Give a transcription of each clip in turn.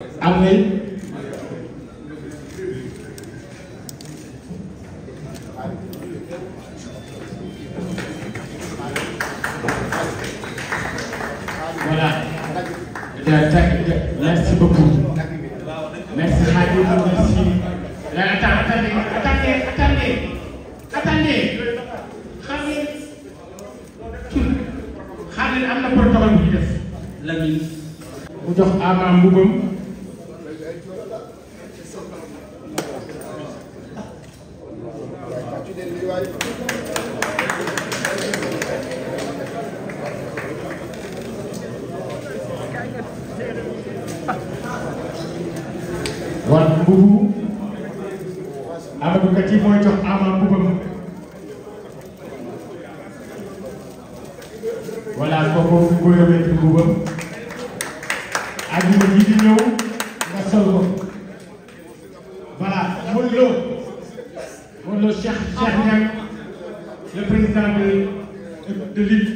am nañ voilà merci beaucoup merci Khadim merci mais attendez attendez attendez attendez xam wat mbubu Amadou Kati mooy jox Ama mbubam voilà kooku bu yowee ci mbubam ajuma ji di ñëw nga sol ko voilà Modou Lo Modou Lo Cheikh Cheikh Niang le président de de lutte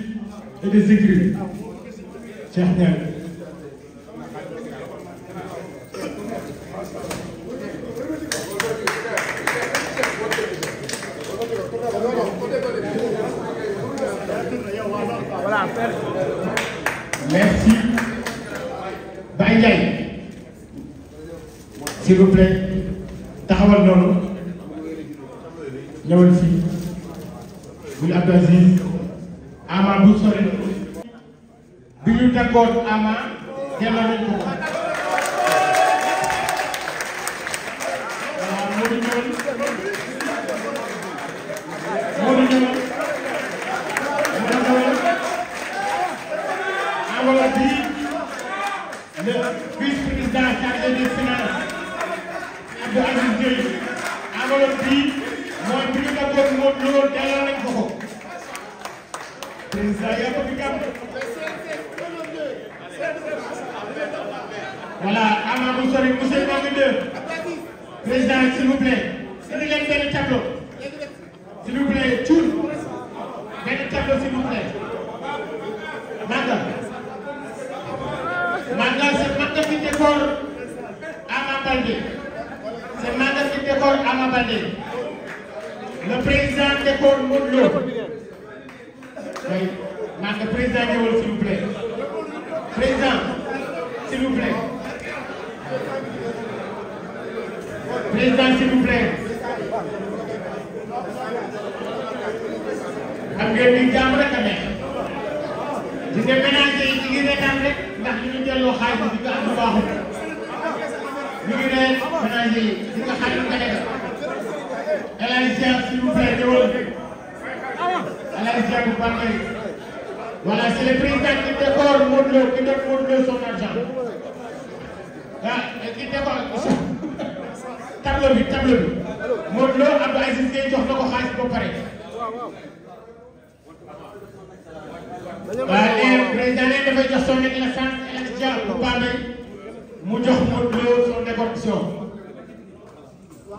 et des écuries Cheikh Niang Merci. Baye s'il vous plaît taxawal noonu ñëwal fii buñ Abdou Aziz Ama bu sore bi ñu tàggoon Ama delloo nañ ko enveloppe bii mooy bi ñu daggoon moo lool jàllale nañ ko ko président yaa ko fi gàmm voilà Amadou Sori monsieur Ndangu Deux président s'il vous plaît indi leen benn tableau s'il vous plaît Thioune benn tableau s'il vous plaît Maga Maga c'est Maga qui décore Ama Baldé d'école Amabadé, le président d'école Modlo. Oui, le président s'il vous plaît. Président, s'il vous plaît. Président, s'il vous plaît. xam ngeen ni jàmm rek a nekk gis nga ménage yi ñu ngi reetaan rek ndax ñu ngi delloo xaalis bi nga am baaxul ñu ngi ne ménage yi ñu nga xam ne nga def El Hadj Cheikh si mu seet ñëwoon El Hadj Cheikh bu Bambey voilà c' est le président qui décore Modou Lo qui donne Modou Lo son argent ah qui décore tableau bi tableau bi Modou Lo Abdou Aziz Gueye jox na ko xaalis ba pare. waaye président ne dafay jox son excellence El Hadj Cheikh bu Bambey mu jox Modou Lo son déconnexion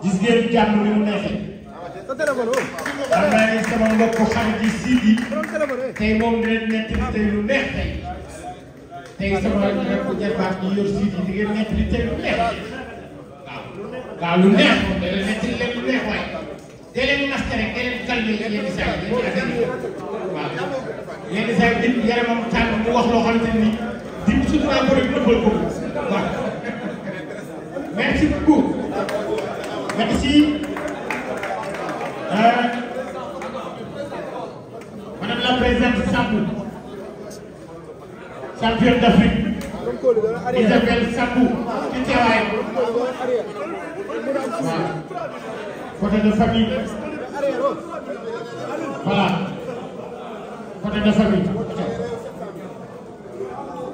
gis ngeen jàmm ni mu neexee am naa sama mbokk xarit yi Sidi tey moom dinañ nettali tey lu neex tey tey sama mbokk jarbaat yi yor tey lu neex waaw lu neex moom da leen nettali leen lu neex waaye leen nas saa yi yaramam tàng mu wax loo xamante ni di sutura ko rek nëbbal ko Voilà. Merci beaucoup. Merci. Euh, Madame la Présidente Sambou, championne d'Afrique, Isabelle Sambou, qui travaille. Voilà. Côté de famille. Voilà. Côté de famille.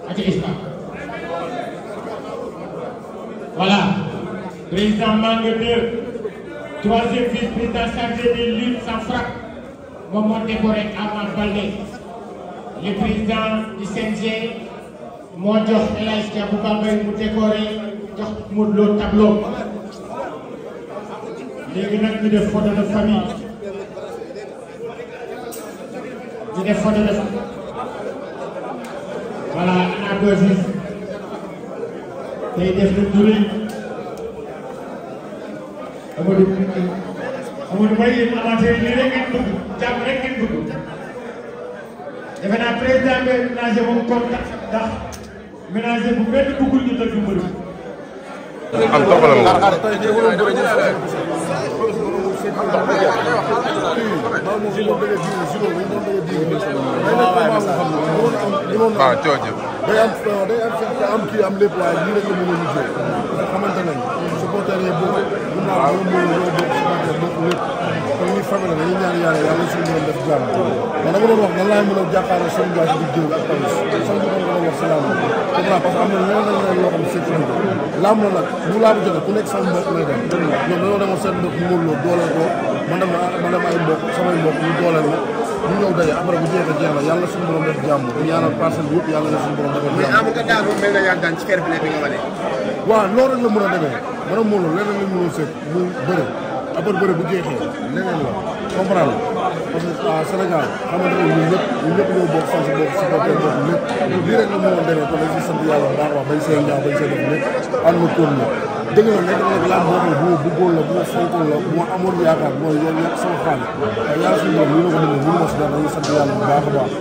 Adieu, voilà président Manga 2 troisième vice-président chargé des luttes sans frappe moom moo décoré Ama Baldé le président du moo jox El Hadj Dia bu Bambey mu décoré jox Modou Lo tableau léegi nag ñu def photo de famille ñu def photo de famille voilà ana deux day def lu mu rëy Amadou Amadou Mbaye yéen amateur yi rek ngeen dugg jàmm rek ngeen dugg defe naa président bi ménager moom kontaan ndax ménager bu benn duggul ñu tëgg mbër am toppal ma waaw coono day am day am fekk am kii am lépp waaye nii rek la mën a liggéey. xamante nañ supporter yi boobu. xam ne dañuy ñaan yàlla yàlla suñu mën def jàmm mais dama doon wax nan laay mën a jàkkaarloo seen gars yi di ak Paris sax ñu ko doon wax si làmb comprendre parce que am na ñeneen nañ leen yoo xam ne seetlu ko làmb la nag bu làmb jotee ku nekk sa mbokk lay dem ñoom dañoo demoon seen mbokk ñu wóorloo dooleel ko man dama man dama ay mbokk samay mbokk ñu dooleel ma ñu ñëw daje après bu jeexee jeex na yàlla suñu borom def jàmm ñu ñaanal parcelle yëpp yàlla na suñu borom def mais am nga daal mel na yaa daan ci kër bi la mën a demee maanaam moom loolu rek la mën a sëg muy bëri après bëre bu jeexee leneen la comprendre parce que ah, Sénégal xamante ne ñun ñëpp ñun ñëpp ñoo bokk sant bokk supporter bokk lépp lii rek la moo woon demee kon dañ si sant yàlla baax wax bañ seen ngaa bañ seen def lépp ànd na koon la dëgg la nekk nag laa boo xam bu ma bëggoon la bu ma fonkoon la bu ma amoon yaakaar mooy yow ñàkk sama xaalis waaye yàlla suñu borom ñu ne ko demee mënu ma si dara dañuy sant yàlla bu baax a baax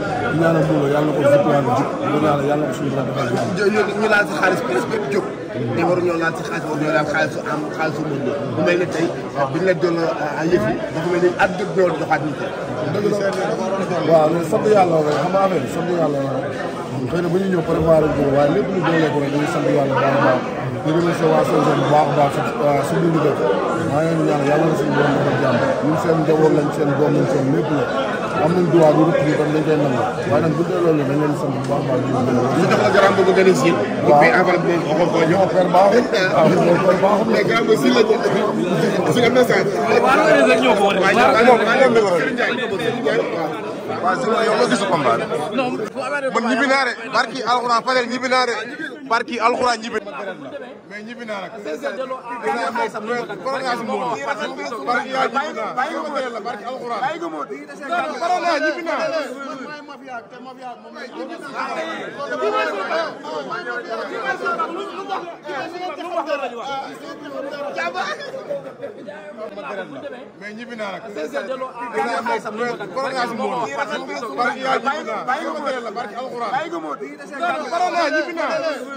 ñaanal mu la yàlla na ko jikko yàlla jik ñaanal yàlla na ko suñu borom defal ñu laa si xaalis presque jóg te waruñoo laal si xaalis waruñoo laal xaalisu am xaalisu mën bi bu ne tey biñ la doon yëf yi dafa mel ni at jot ñoo joxaat nit ñi waaw loolu sant yàlla la xam nga affaire sant yàlla la xëy na bu ñu ñëw prévoir ko waaye lépp lu doole ko dañuy sant yàlla baax a baax di remercier waa Sozone bu baax a baax su suñu liggéey maa ngi leen di ñaan yàlla na suñu borom dafa jàmm ñun seen njaboot lañ am nañ droit bu rëkk bi kon dañ koy nangu waaye nag bu dee loolu dañ leen sant bu a baax di leen gërëm. ñu a siin. waaw mais avant ah, a a barki alxuraan ñibbi mais ñibbi naa nag programme moo barki yaa ñibbi naa barki alxuraan pare naa ñibbi naa mais ñibbi naa nag programme moo barki yaa ñibbi naa barki alxuraan pare naa ñibbi naa